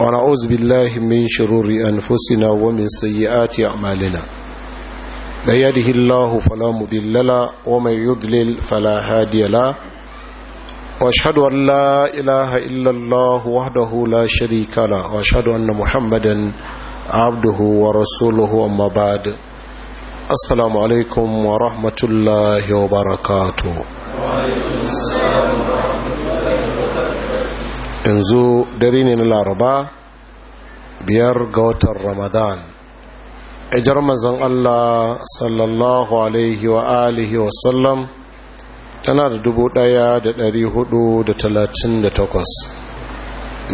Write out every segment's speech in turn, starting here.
ونعوذ بالله من شرور أنفسنا ومن سيئات أعمالنا من يده الله فلا مضل له ومن يضلل فلا هادي له واشهد أن لا إله إلا الله وحده لا شريك له واشهد أن محمدا عبده ورسوله أما بعد السلام عليكم ورحمة الله وبركاته وعليكم السلام yanzu dare ne na laraba biyar ga watan ramadan ajar mazan allah sallallahu alaihi wa alihi wa sallam tana da dubu daya da dari hudu da talatin da takwas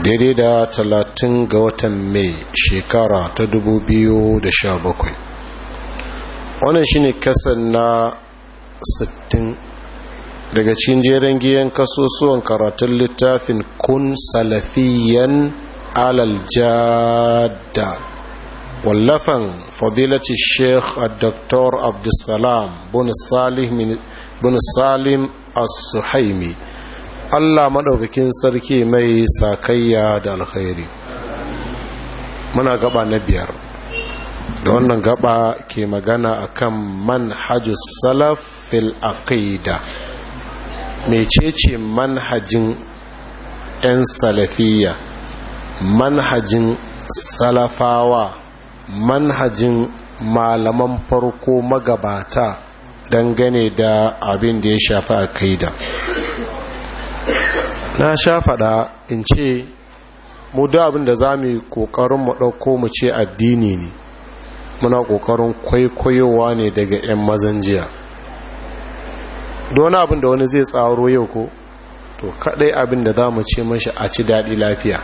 daidai da talatin ga watan mai shekara ta dubu biyu da sha bakwai wannan shine kasan na sittin daga cikin jeren giyan kasusuwan karatun littafin kun salafiyan alal jada wallafan fadilaci sheikh dr abdulsalam bin salim as-suhaimi allah maɗaukakin sarki mai sakayya da alkhairi muna gaba na biyar da wannan gaba ke magana akan manhajus salaf fil aqida mecece manhajin 'yan salafiya manhajin salafawa manhajin malaman farko magabata dangane da abin da ya shafi a kaida na sha faɗa in ce mu da abin da za mu yi ƙoƙarin mu ɗauko mu ce addini ne muna ƙoƙarin kwaikwayowa ne daga 'yan mazan jiya don abin da wani zai tsaro yau ko to kadai abin da za mu ce mashi a ci daɗi lafiya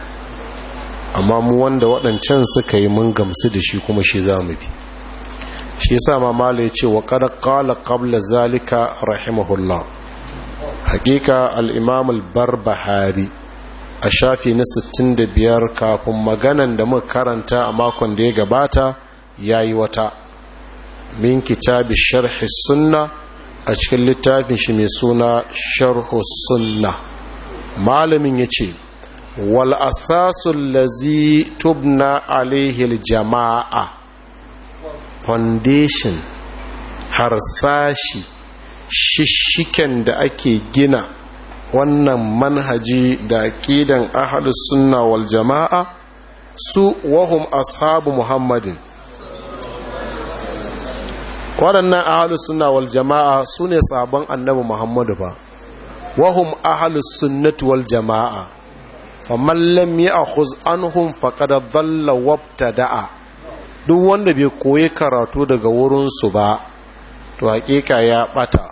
amma mu wanda waɗancan suka yi mun gamsu da shi kuma shi za mu bi shi yasa ma mala ya ce wa kada kala qabla zalika rahimahullah hakika al-imam al-barbahari a shafi na 65 kafin maganan da muka karanta a makon da ya gabata yayi wata min kitabi sharhi sunna a cikin littafin shi mai suna sharhu sunna malamin ya ce wal asasun lazi tubna alaihil jama'a foundation harsashi shishiken da ake gina wannan manhaji da aƙidan ahalus sunna wal jama'a su wahum ashabu muhammadin waɗannan ahalus suna wal jama'a su ne sabon annabi muhammadu ba wahum ahalus sunnat wal jama'a faman lam ya'khuz anhum faqad dhalla da'a duk wanda bai koyi karatu daga wurinsu ba to hakika ya ɓata,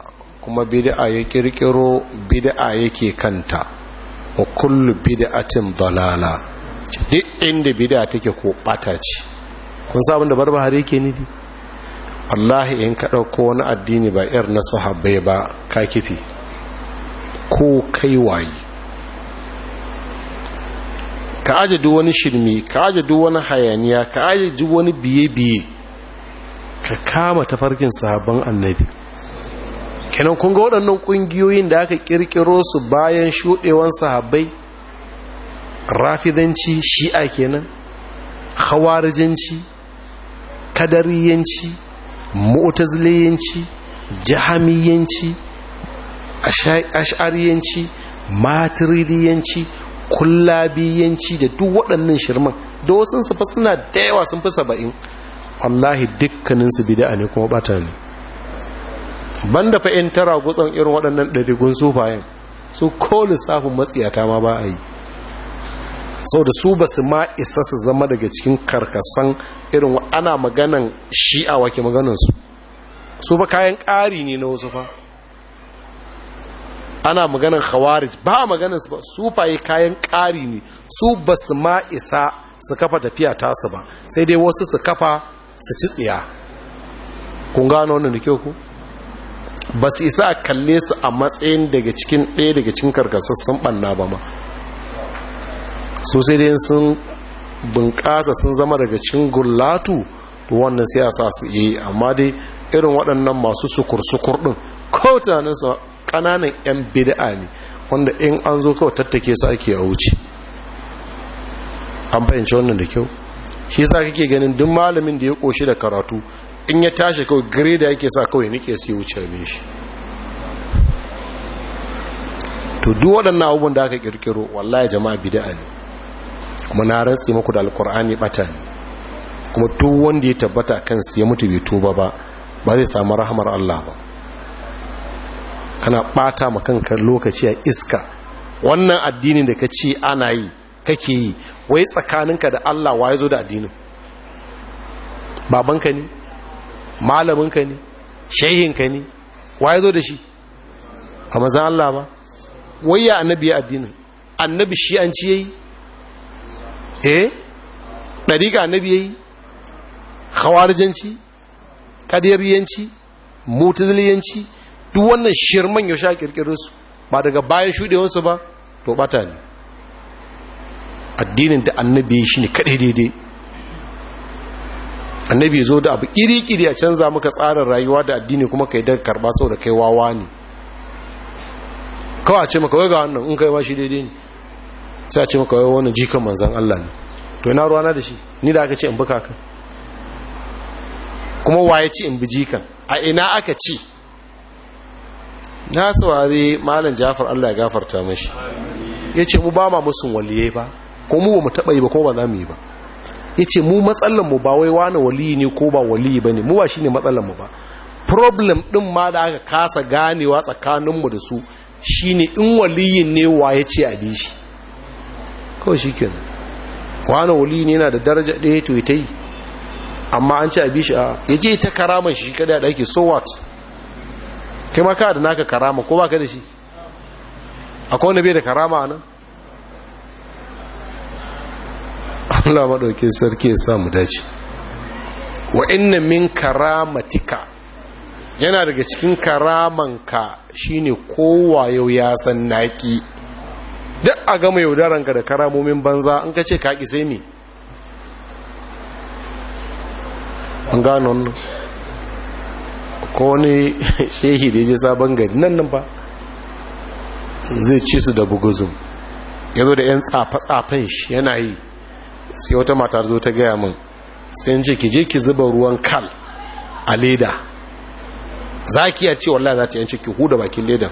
kuma bid'a ya kirkiro bid'a yake kanta wa kullu bid'atin dalala duk inda bid'a take ko bata ce kun sabon da barbahari yake nufi wallahi in ka ɗauko wani addini ba ir na sahabbai ba ka kifi ko kai waye ka aje duk wani shirmi ka aje duk wani hayaniya ka aje duk wani biye-biye ka kama tafarkin sahabban annabi kenan kun ga waɗannan ƙungiyoyin da aka ƙirƙiro su bayan shuɗewan sahabbai rafidanci shi'a kenan hawarijanci kadariyanci mu'tazliyanci jahamiyanci ash'ariyanci maturidiyanci kullabiyanci da duk waɗannan shirman da wasu su fa suna da yawa sun fi saba'in wallahi dukkanin su bid'a ne kuma bata ne banda fa in tara gutsan irin waɗannan ɗarigun sufayen su ko lissafin matsiyata ma ba a yi sau da su ba su ma isa su zama daga cikin karkasan irin ana maganan shi'a wake maganansu su fa kayan ƙari ne na wasu fa ana maganan khawarij ba maganansu ba su faye kayan ƙari ne su ba su ma isa su kafa tafiya tasu ba sai dai wasu su kafa su ci tsiya kun gano wannan da kyau ku ba su isa a kalle su a matsayin daga cikin ɗaya daga cikin karkasassun ɓanna ba ma so sai dai sun bunƙasa sun zama daga cin gullatu wannan sai sa su yi eh, amma dai irin waɗannan masu sukur-sukur ɗin kautanin su ƙananan 'yan bid'a ne wanda in an zo kawai tattake su ake a wuce an fahimci wannan da kyau shi sa kake ganin duk malamin da ya ƙoshi da karatu in ya tashi kawai da yake sa kawai nike yi wuce ne shi to duk waɗannan abubuwan da aka ƙirƙiro wallahi jama'a bid'a ne kuma na rantsi muku da alkur'ani bata ne kuma duk wanda ya tabbata su ya mutu bai tuba ba ba zai samu rahamar Allah ba kana bata ma kanka lokaci a iska wannan addinin da ka ce ana yi kake yi wai tsakaninka da Allah wa ya zo da addinin babanka ne malaminka ne shehinka ne wa ya zo da shi a mazan Allah ba wai ya annabi ya addinin annabi shi an ci yayi eh ɗariƙa annabi ya yi hawarijanci ƙadiriyanci mutaziliyanci duk wannan shirman yaushe sha ƙirƙirin ba daga bayan shuɗewarsu ba to ɓata ne addinin da annabi shi ne kaɗai daidai annabi zo da abu ƙiri-ƙiri a canza maka tsara rayuwa da addini kuma kai daga karɓa sau da kai wawa ne kawai ce maka wai ga wannan in kai ba shi daidai ne sai a ce maka wai wani jikan manzan Allah ne to ina ruwana da shi ni da aka ce in bi kakan kuma waye ci in bi jikan a ina aka ci na saurari malam Jafar Allah ya gafarta mashi yace mu ba ma musun waliyai ba ko mu ba mu taba yi ba ko ba za mu yi ba yace mu matsalan mu ba wai wani waliyi ne ko ba waliyi ne? mu ba shine matsalan mu ba problem din ma da aka kasa ganewa tsakaninmu da su shine in waliyin ne waye ce a bi shi kawai shi ke wani wuli ne yana da daraja ɗaya to ta yi amma an ci a bishi a ya je ta karama shi kada da ake so what kai ma ka da naka karama ko ba ka da shi akwai wanda bai da karama nan Allah maɗaukin sarki ya samu dace wa inna min karamatika yana daga cikin karamanka shine kowa yau ya san naki duk a gama yaudaranka da karamomin banza an ka ce kaƙi sai ne an gano nan ko wani shehi da ya je sabon gari nan nan ba zai ci su da buguzum ya zo da 'yan tsafe-tsafen shi yana yi sai wata mata zo ta gaya min sai ce ki je ki zuba ruwan kal a leda za ki ya ce wallah za ta yanci ki huda bakin ledan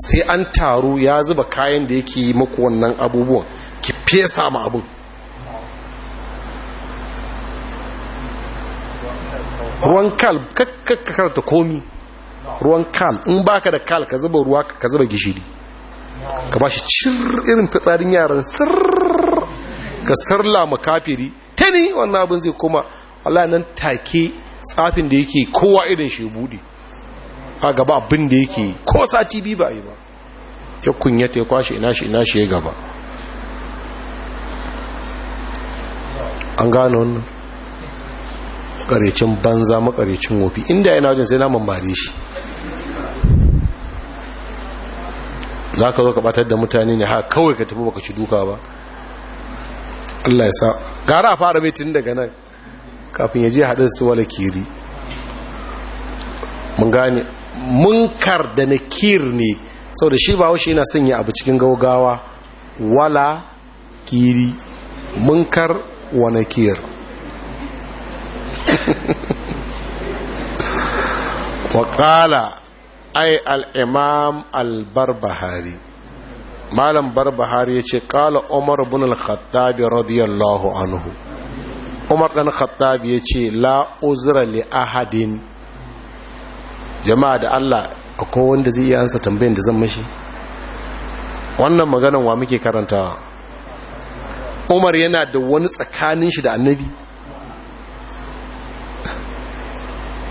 sai an taru ya zuba kayan da yake yi maku wannan abubuwan ki fesa ma abin ruwan kal kakkakar ta komi ruwan kal in baka da kal ka zuba ruwa ka zuba gishiri ka ba shi cir irin fitsarin yaran sirr ka sirla makafiri ta ne wannan abin zai koma Allah nan take tsafin da yake kowa irin shi buɗe a gaba abin da yake ko sati biyu ba a yi ba ya kunyata ya kwashe ina shi ina shi ya gaba an gano wannan makarecin banza makarecin wofi inda yana wajen sai na mambare shi za ka zo ka batar da mutane ne ha kawai ka tafi baka ci duka ba Allah ya sa gara a fara mai tun daga nan kafin ya je haɗin su wala kiri mun gane munkar da nakir ne saboda shi ba haushe yana sanya abu cikin gaugawa wala kiri munkar wa kir. waƙala ai al'imam al-barbahari malam barbahari ya ce ƙala umar bin al-khattabi radiyallahu anhu umar ɗan khattabi ya ce la uzra li ahadin jama'a da Allah a akwai wanda zai iya ansa tambayin da zan mashi wannan maganan wa muke karantawa Umar yana da wani tsakanin shi da annabi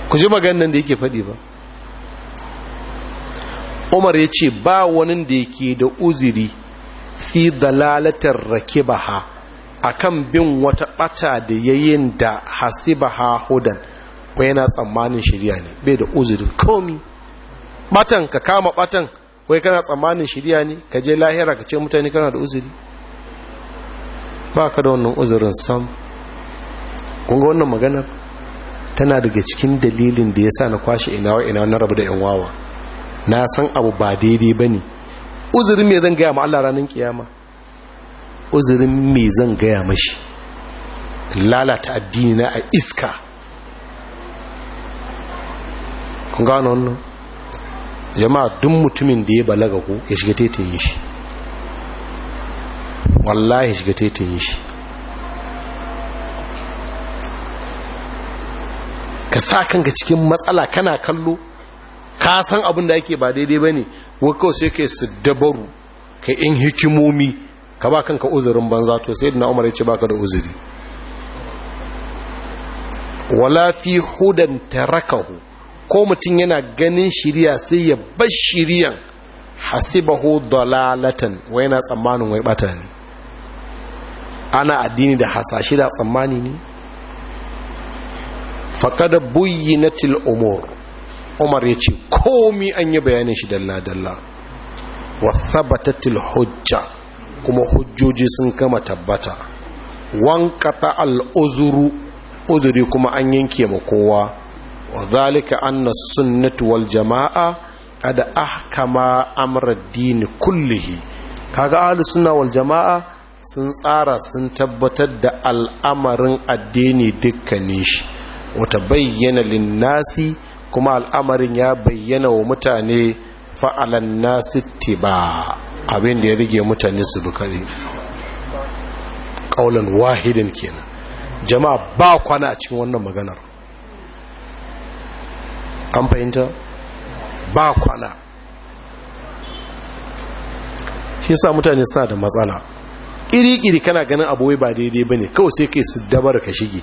ku ji maganan da yake faɗi ba Umar ya ce ba wani da yake da uziri fi dalalatar rakibaha akan bin wata bata da yayin da hasibaha hudan fa yana tsammanin shirya ne bai da uzurin komi batan ka kama batan wai kana tsammanin shirya ne ka je lahira ka ce mutane kana da uzuri ba ka da wannan uzurin sam kunga wannan maganar tana daga cikin dalilin da ya sa na kwashe inawa ina na rabu da yan wawa na san abu ba daidai ba ne uzurin me zan gaya ma Allah ranar kiyama uzurin me zan gaya mashi lalata addini na a iska gano wannan jama'a duk mutumin da ya balaga ku ya shiga taitayin shi wallahi shiga taitayin shi ka sa kanka cikin matsala kana kallo ka san abin da ake ba daidai ba ne wakau sai ka yi siddabaru ka in hikimomi ka ba kanka uzurin banza to sai na umar ya ce baka da uzuri wala fi hudan tarakahu ko mutum yana ganin shiriya sai ya bar shiriyan hasibahu dalalatan wai yana tsammanin wai bata ne ana addini da hasashe da tsammani ne faqad buyyinatil umur umar yace komi an yi bayanin shi dalla dalla wa thabatatil hujja kuma hujjoji sun kama tabbata wanqata al uzuru uzuri kuma an yanke ma kowa wa zalika anna sunnatu jama'a qad ahkama kullihi kaga jama'a sun tsara sun tabbatar da al'amarin addini dukkanin shi wata bayyana linnasi kuma al'amarin ya bayyana wa mutane fa'alan nasi ba. abin da ya rage mutane su bukari ƙaunar wahidin kenan jama'a ba kwana a cikin wannan maganar an fahimta ba kwana shi sa mutane suna da matsala ƙiriƙiri kana ganin abuwai ba daidai ba ne kawai sai kai su dabar ka shige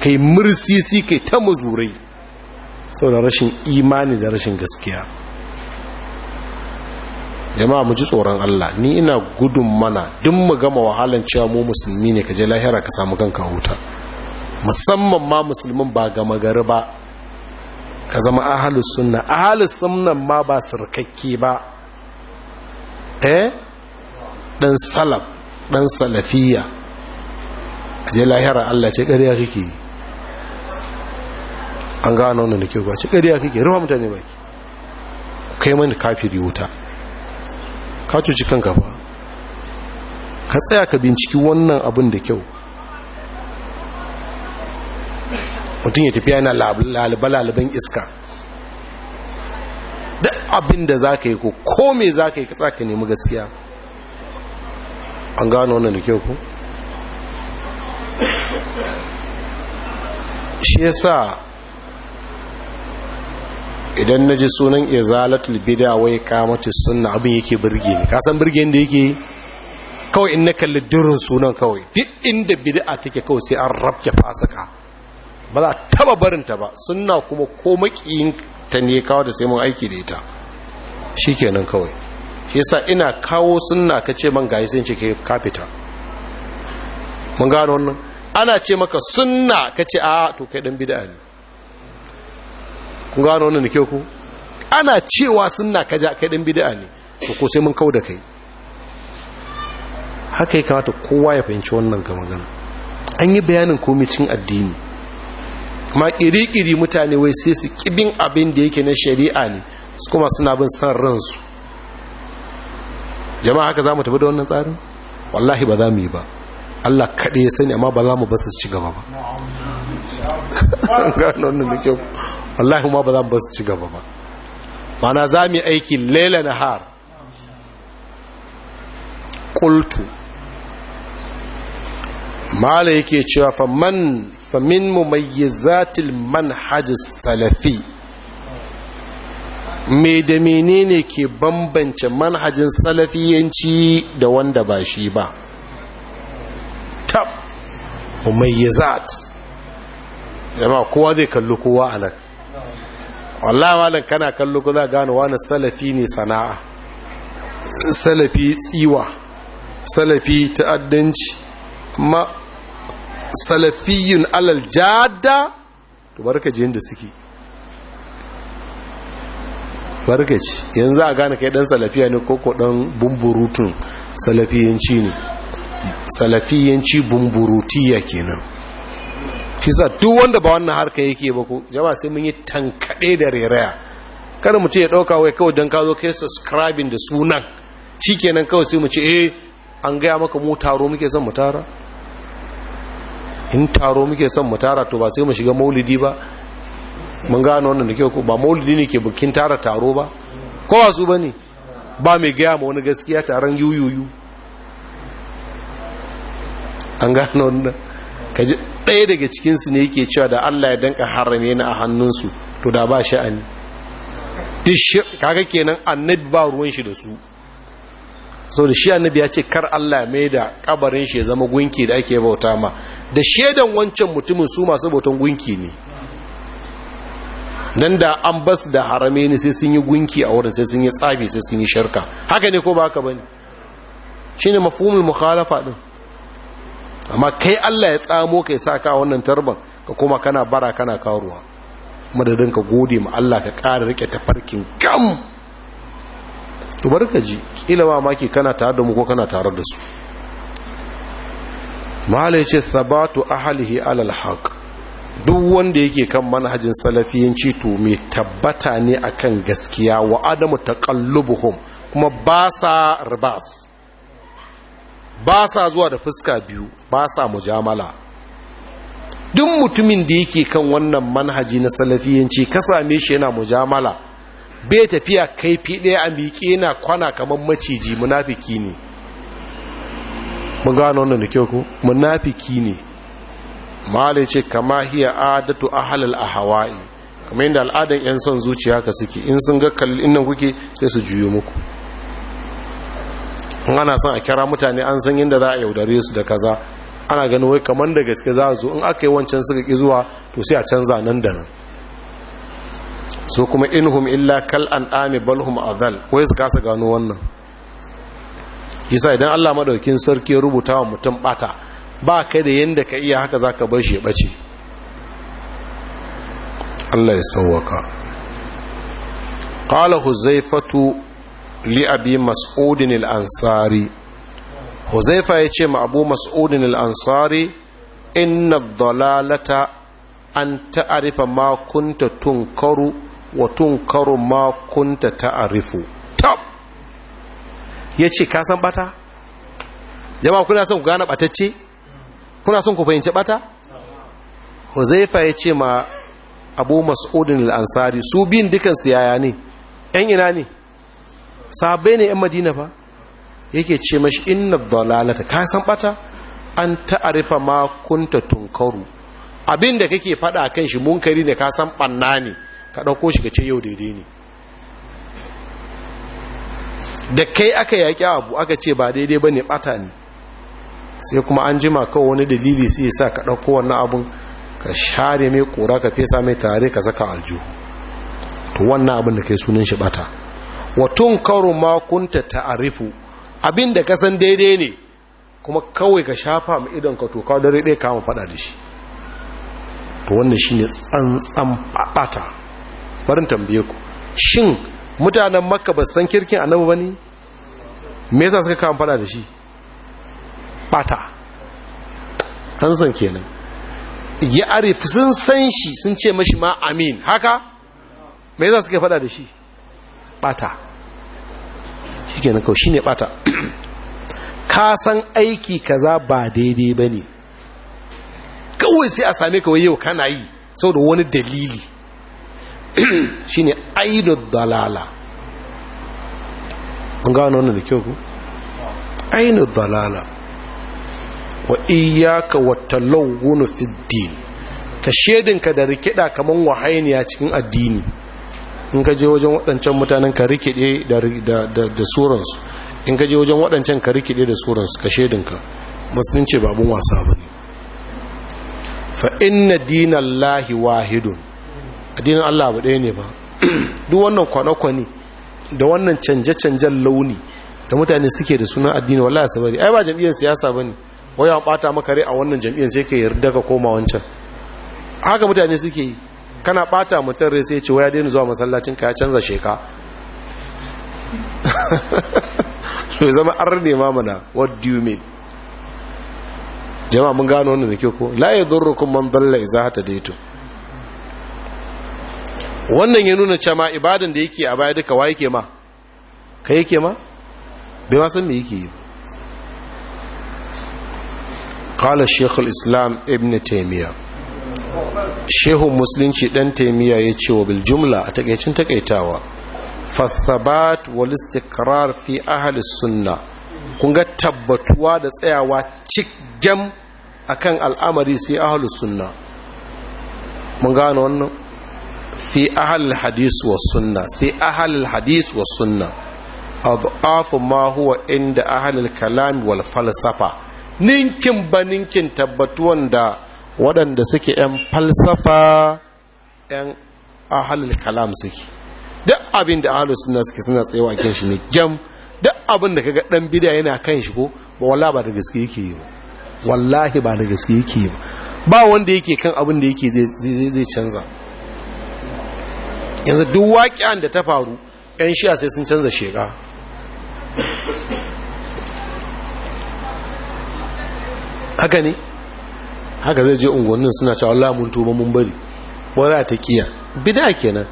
kai mursisi kai ta mazurai sau da rashin imani da rashin gaskiya jama'a mu ji tsoron Allah ni ina gudun mana duk mu gama wahalan cewa mu musulmi ne ka je lahira ka samu kanka huta musamman ma musulmin ba gama gari ba ka zama ahalus sunna ahalus sunnan ma ba sirkakke ba eh dan salaf dan salafiya je lahira Allah ce ƙarya kike an gano wannan nake ba ce ƙarya kike ruwa mutane ki kai mun kafiri wuta ka tuci kanka ba ka tsaya ka binciki wannan abin da kyau mutum ya tafiya yana lalibalaliban iska duk abin da za ka yi ko kome za ka yi ka tsaka nemi gaskiya an gano wannan da kyau ku shi yasa idan na ji sunan izalatul bida wai kamata sunna abin yake birge ne kasan birgen da yake kawai in na kalli durin sunan kawai duk inda bida take kawai sai an rabke fasaka. ba za a taba barinta ba suna kuma ko makiyin ta ne kawo da sai mun aiki da ita shi kenan kawai shi sa ina kawo suna ka ce man gayi sai ce ke kafita mun gano wannan ana ce maka suna ka ce a to kai dan bid'a ne kun gano wannan ke ku ana cewa suna ka ja kai dan bid'a ne to ko sai mun kauda kai haka ya kamata kowa ya fahimci wannan ga magana an yi bayanin komai cin addini kuma kirikiri mutane wai sai su kibin abin da yake na shari'a ne su kuma suna bin san ransu jama'a haka za mu tafi da wannan tsarin wallahi ba za mu yi ba allah kaɗai ya sani amma ba za mu basu ci gaba ba wallahi ma ba za mu basu ci gaba ba mana za mu yi aiki laila na har ƙultu mala yake cewa fa man فمن مميزات المنهج salafi me da menene ke bambance manhajin salafiyanci da wanda ba shi ba tab mumayyizat jama kowa zai kalli kowa a nan wallahi malam kana kallo ko za gano wani salafi ne sana'a salafi tsiwa salafi ta'addanci salafiyun alal jada to barka yadda suke barkaci yanzu a gane kai dan salafiya ne ko dan bumburutun salafiyanci ne salafiyanci bumburutiya kenan Kisa duk wanda ba wannan harka yake ba ko jama'a sai mun yi tankade da reraya kada mu ce ya dauka wai kawai dan kazo kai subscribing da sunan shikenan kawai sai mu ce eh an gaya maka mu taro muke son mu tara in taro muke son mu tara to ba sai mu shiga maulidi ba mun gano wannan da kyau ba maulidi ne ke bukin tara taro ba ba su bane ba mai gaya ma wani gaskiya taron yuyuyu an gano wannan kaji ɗaya daga cikinsu ne yake cewa da Allah ya danka harame ni a hannunsu to da ba sha'ani duk kaga kenan annabi ba ruwan shi da su so da shi annabi ya ce kar Allah mai da kabarin shi ya zama gunki da ake bauta ma da shedan wancan mutumin su masu bautan gunki ne nan da an bas da harame ne sai sun yi gunki a wurin sai sun yi tsafi sai sun yi shirka haka ne ko ba haka bane shine mafhumul mukhalafa din amma kai Allah ya tsamo kai sa ka wannan tarban ka kuma kana bara kana ruwa madadin ka gode ma Allah ka ƙara rike tafarkin kam. to bari ka ji kila ba maki kana tare da mu ko kana tare da su mala ya ce sabatu ahalihi alal haq duk wanda yake kan manhajin salafiyanci to mai tabbata ne akan gaskiya wa adamu taqallubuhum kuma ba sa ribas ba sa zuwa da fuska biyu ba sa mujamala duk mutumin da yake kan wannan manhaji na salafiyanci ka same shi yana mujamala bai tafiya kaifi ɗaya a miƙe na kwana kamar maciji munafiki ne mun gano wannan da kyau ku munafiki ne malai ce kama hiya adatu a Hawaii kamar yadda al'adan yan son zuciya ka suke in sun ga kallin nan kuke sai su juyo muku in ana son a kira mutane an san yadda za a yaudare su da kaza ana ganin wai kamar da gaske za a zo in aka yi wancan suka ki zuwa to sai a canza nan da nan so kuma inhum illa kal an'ami balhum azal, wai su kasa gano wannan yasa idan Allah madaukin sarki ya rubuta wa mutum bata ba kai da yadda ka iya haka zaka bar shi ya bace Allah ya sauwaka qala huzaifatu li abi mas'udin al-ansari huzaifa ma abu mas'udin ansari inna ad-dalalata an ta'arifa ma kunta tunkaru wa tunkaru ma kunta ta'rifu tab yace ka san bata jama'a kuna son ku gane batacce kuna son ku fahimci bata huzaifa yace ma abu mas'udin al-ansari su bin dukan su yaya ne yan ina ne sahabbai ne yan madina ba yake ce mashi inna dalalata ka san bata an ta'arifa ma kunta tunkaru abin da kake fada kan shi munkari ne ka san banna ne ka ɗauko shi ka ce yau daidai ne da kai aka yaƙi abu aka ce ba daidai ba ne ɓata ne sai kuma an jima kawai wani dalili sai sa ka ɗauko wannan abin ka share mai ƙura ka fesa mai tare ka saka aljihu to wannan abin da kai sunan shi ɓata watun karo makunta ta'arifu abin da ka san daidai ne kuma kawai ka shafa ma idon ka to ka dare ɗaya kama faɗa da shi to wannan ne tsantsan ɓata barin tambaye ku shin mutanen makka ba san kirkin annabi ba ne me yasa suka kawo fada da shi bata an san kenan ya arif sun san shi sun ce mashi ma amin haka me yasa suka fada da shi bata shi kenan kawai shi ne bata ka san aiki kaza ba daidai ba ne kawai sai a same kawai yau kana yi sau da wani dalili shine aidud dalala an gano wannan da kyau ku ainu dalala wa iyaka wa talawwun fi din ka shedinka da rikida kaman wahainiya cikin addini in ka je wajen waɗancan mutanen ka rikide da suransu in ka je wajen waɗancan ka rikide da suransu ka shedinka musulunci babun wasa ba ne fa inna dinallahi wahidun addinin Allah abu ɗaya ne ba duk wannan kwane-kwane da wannan canje-canjen launi da mutane suke da suna addini wallahi sabari ai ba jam'iyyar siyasa ne wai yawon bata maka rai a wannan jam'iyyar sai ka yarda ka koma wancan haka mutane suke yi kana bata mutum rai sai ce waya daina zuwa masallacin ka ya canza sheka so zama arne ma mamana what do you mean jama'a mun gano wannan da ke ko la zurrukun man dalla ta daito wannan ya nuna cewa ibadan da yake a baya duka wa ke ma kai yake ma bai ma san me yake yi qala shaykh al-islam ibn taymiya shehu musulunci dan taymiya ya ce wa bil jumla a takeicin takeitawa fa thabat wal istiqrar fi ahli sunna kun ga tabbatuwa da tsayawa cikin akan al'amari sai ahli sunna mun gano wannan fi ahal hadis wa sunna sai ahal hadis wa sunna adhafu ma huwa inda ahal kalam wal falsafa ninkin ba ninkin tabbatuwan da waɗanda suke yan falsafa yan ahal kalam suke duk abin da ahalus sunna suke suna tsayawa kin shi ne jam duk abin da kaga dan bid'a yana kan shi ko ba wallahi ba da gaske yake yi ba wallahi ba da gaske yake yi ba ba wanda yake kan abin da yake zai canza yanzu duk waƙiyan da ta faru 'yan shiya sai sun canza sheka haka ne haka zai je unguwannin suna cewa Allah mun tuba mun bari wala ta kiya bida kenan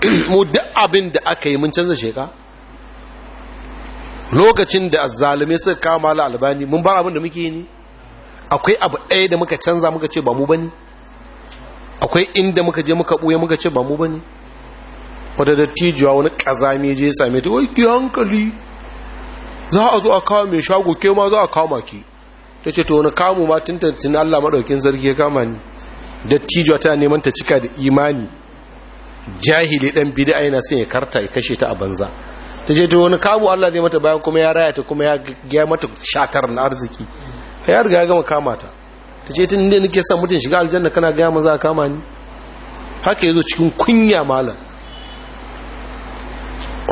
mu duk abin da aka yi mun canza sheka lokacin da azzalume suka kama la albani mun bar abin da muke yi ne akwai abu ɗaya da muka canza muka ce ba mu bane akwai inda muka je muka ɓuya muka ce ba mu bane wata dattijuwa wani kazami je same ta wai ki hankali za a zo a kawo mai shago ke ma za a kama ki ta ce to wani kamu ma tun Allah maɗaukin sarki ya kama ni dattijuwa tana neman ta cika da imani jahili ɗan a yana son ya karta ya kashe ta a banza ta ce to wani kamu Allah zai mata bayan kuma ya raya ta kuma ya mata shatar na arziki ya riga ya gama kama ta ce tun nake son mutum shiga aljanna kana gaya maza a kama ni haka zo cikin kunya malam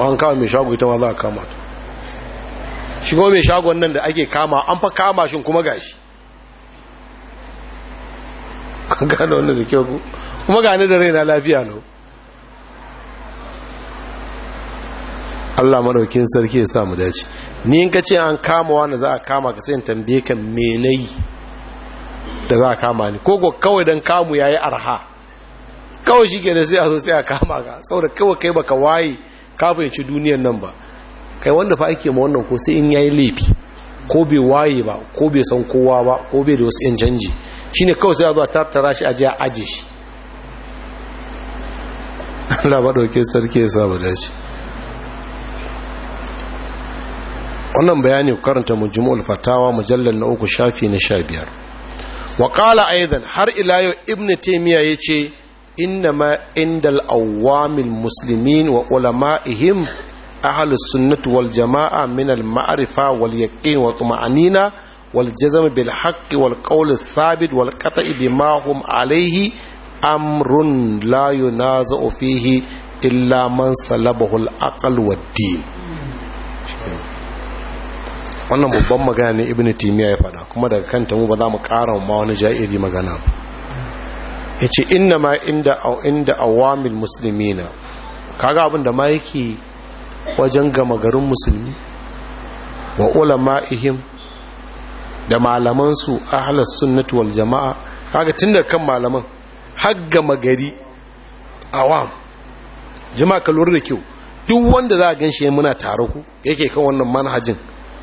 an kama mai shago ita ma za a kama ta shigo mai shago nan da ake kama an fa kama shi kuma gashi kan gane wannan da kyau ku kuma gane da raina lafiya no Allah madaukin sarki ya sa mu dace ni in ka ce an kama wani za a kama ka sai in tambaye ka menai da za a kama ni ko ko kawai dan kamu yayi arha kawai shi ke da sai a zo sai a kama ka saboda kawai kai baka waye ka fahimci duniyan nan ba kai wanda fa ake ma wannan ko sai in yayi laifi ko bai waye ba ko bai san kowa ba ko bai da wasu yan canji shine kawai sai a zo a tattara shi a je a aje shi Allah ba dauke sarki ya saba da shi. wannan bayani karanta jumu'ul fatawa mujallal na uku shafi na 15 wa qala aidan har ila yau ibnu taymiya yace innama indal awamil musulmin wa ulama'ihim ahlus sunnati wal jama'a min ma'arifa ma'rifa wal yaqin wa tuma'anina wal jazm bil haqqi wal qawl thabit wal qat'i bima hum alayhi amrun la yunazu fihi illa man salabahu al wannan babban magana ne ibnu timiya ya faɗa kuma daga kanta mu ba za mu ƙara ma wani ja'iri magana ba ya ce ina ma inda inda musulmi musulmina kaga abinda ma yake wajen gama garin musulmi wa ulama'ihim da malamansu halar sunnatu wal jama'a kaga tun da kan malaman har gama gari awam jama'a ka lura da kyau duk wanda za a gan shi muna tare ku yake kan wannan manhajin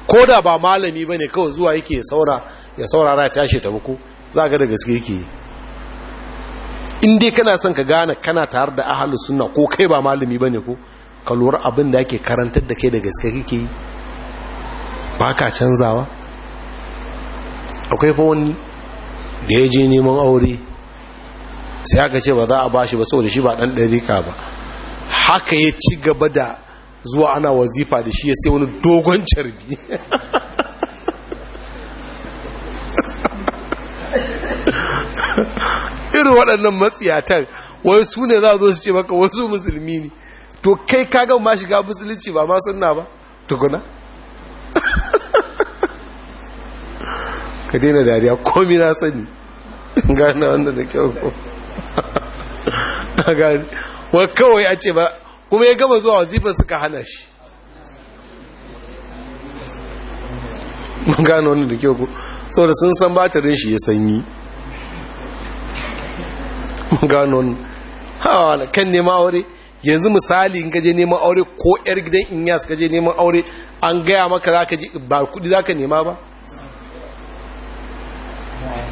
ko da ba malami ba ne kawai zuwa yake saura ya saurara ya tashi ta muku za ga da gaske yake yi in dai kana son ka gane kana tare da ahalus sunna ko kai ba malami bane ko ka lura abin da ake karantar da kai da gaske kake yi ba ka canzawa akwai fa wani da ya je neman aure sai aka ce ba za a bashi ba saboda shi ba dan dariƙa ba haka ya ci gaba da zuwa ana wazifa da shi ya sai wani dogon carbi irin waɗannan matsiyatan wai su ne za zo su ce maka wasu musulmi ne to kai kaga ma shiga musulunci ba ma sunna ba tukuna ka daina dariya komi na sani gane wanda da kyau ko gane wa kawai a ce ba kuma ya gama zuwa wazifar suka hana shi mun gane wanda da kyau ko saboda sun san batarin shi ya sanyi gano hawa kan neman aure yanzu misali in gaje neman aure ko yar gidan inyas gaje neman aure an gaya maka za ka ji ba kudi za ka nema ba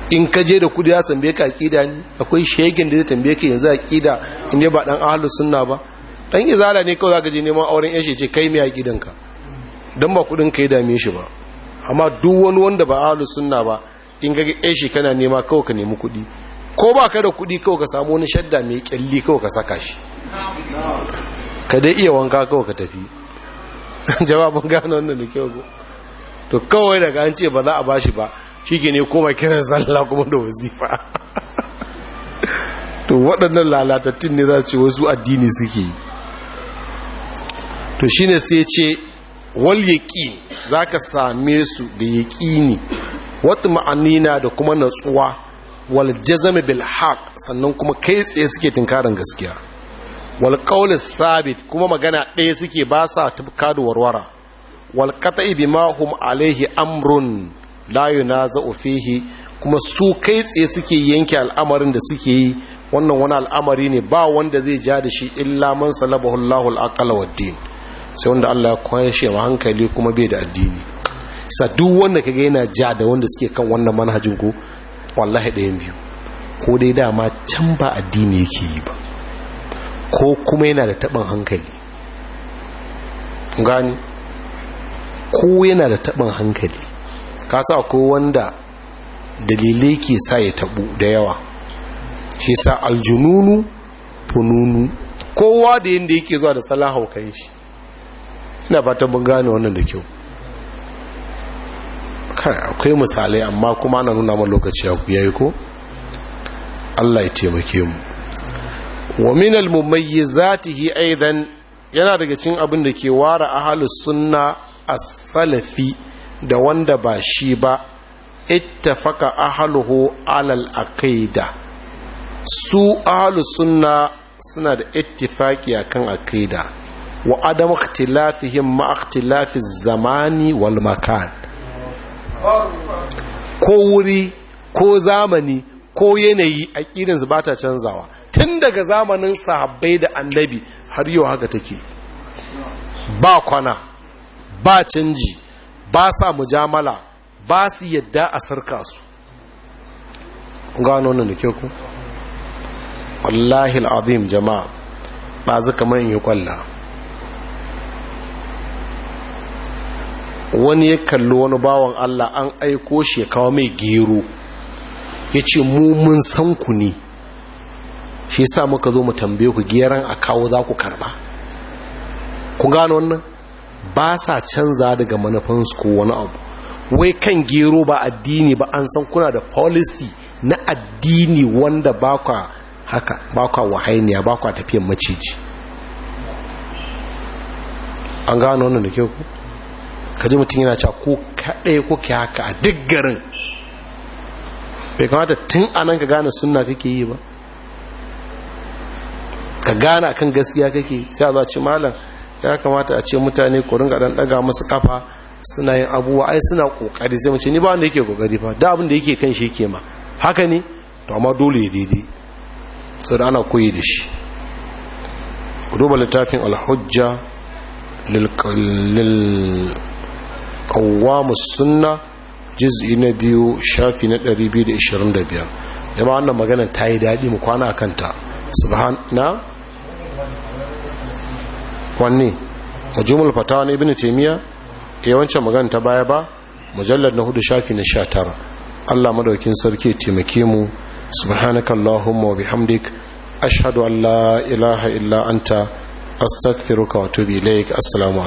in ka je da kudi ya tambaye ka akida ne akwai shegin da zai tambaye ka yanzu akida in ne ba dan ahlus sunna ba dan izala ne kawai zaka je neman auren yashi ce kai me akidanka dan ba kudin yi dame shi ba amma duk wani wanda ba ahlus sunna ba in ga yashi kana nema kawai ka nemi kudi ko ba ka da kudi kawai ka samu wani shadda mai kyalli kawai ka saka shi ka dai iya wanka kawai ka tafi jawabin gano wannan da kyau to kawai daga an ce ba za a bashi ba shi ko koma kiran sallah kuma da wazifa to waɗannan lalatattun ne za ce wasu addini suke to shi ne sai ce wal yaƙi za ka same su da yaƙini wata ma'anina da kuma natsuwa wal jazami bil haq sannan kuma kai tsaye suke tinkarin gaskiya wal qawl sabit kuma magana ɗaya suke ba sa tufka da warwara wal qata'i bima hum alaihi amrun la yunaza'u fihi kuma su kai tsaye suke yanke al'amarin da suke yi wannan wani al'amari ne ba wanda zai ja da shi illa man salabahu Allahu al-aqal wad-din sai wanda Allah ya shi ma hankali kuma bai da addini sa duk wanda kaga yana ja da wanda suke kan wannan manhajin ko wallahi ɗayan biyu ko dai dama can ba addini yake yi ba ko kuma yana da taɓin hankali gani ko yana da taɓin hankali kasa ko wanda dalilai ke sa ya taɓu da yawa shi sa aljununu fununu kowa da yadda yake zuwa da salahau shi ina fatan mun gane wannan da kyau kai akwai misalai amma kuma na nuna ma lokaci ya yi ko Allah ya taimake mu wa min al mumayyizatihi aidan yana daga cikin abin da ke ware ahlus sunna a salafi da wanda ba shi ba ittafaqa ahluhu alal aqida su ahlus sunna suna da ittifaqi akan aqida wa adam ikhtilafihim ma ikhtilafi zamani wal makan ko wuri ko zamani ko yanayi a ba bata canzawa tun daga zamanin sahabbai da annabi har yau haka take ba kwana ba canji ba sa mujamala ba su yadda a sarka su gano nan da ke ku wallahi al'azim jama'a ba zuka kamar in yi kwalla wani ya kalli wani bawan Allah an aiko shi ya kawo mai gero ya ce mu mun san ku ne shi sa muka zo mu tambaye ku geran a kawo za ku karba ku gano wannan ba sa canza daga manufansu ko wani abu wai kan gero ba addini ba an san kuna da policy na addini wanda ba kwa haka ba kwa wahainiya ba kwa tafiyan maciji an gano wannan da kyau ku kaji mutum yana cewa ko kaɗai ko ke haka a duk garin bai kamata tun anan ka gane suna kake yi ba ka gane akan gaskiya kake sai a ce malam ya kamata a ce mutane ko ringa ɗan ɗaga masu kafa suna yin abubuwa ai suna kokari sai mace ni ba wanda yake kokari fa da abin da yake kan shi ke ma haka ne to amma dole ya daidai sau da ana koyi da shi duba littafin alhujja ƙawamus suna jiz'i na biyu shafi na 225 da ma wannan magana ta yi daɗi mu kwana a kanta subhana wanne majumul fatawa na ibn taimiyya yawancin eh, magana ta baya ba mujallar na hudu shafi na sha tara allah madaukin sarki taimake mu subhanakallahumma wa bihamdik ashhadu an allah ilaha illa anta astaghfiruka wa tobi ilaik assalamu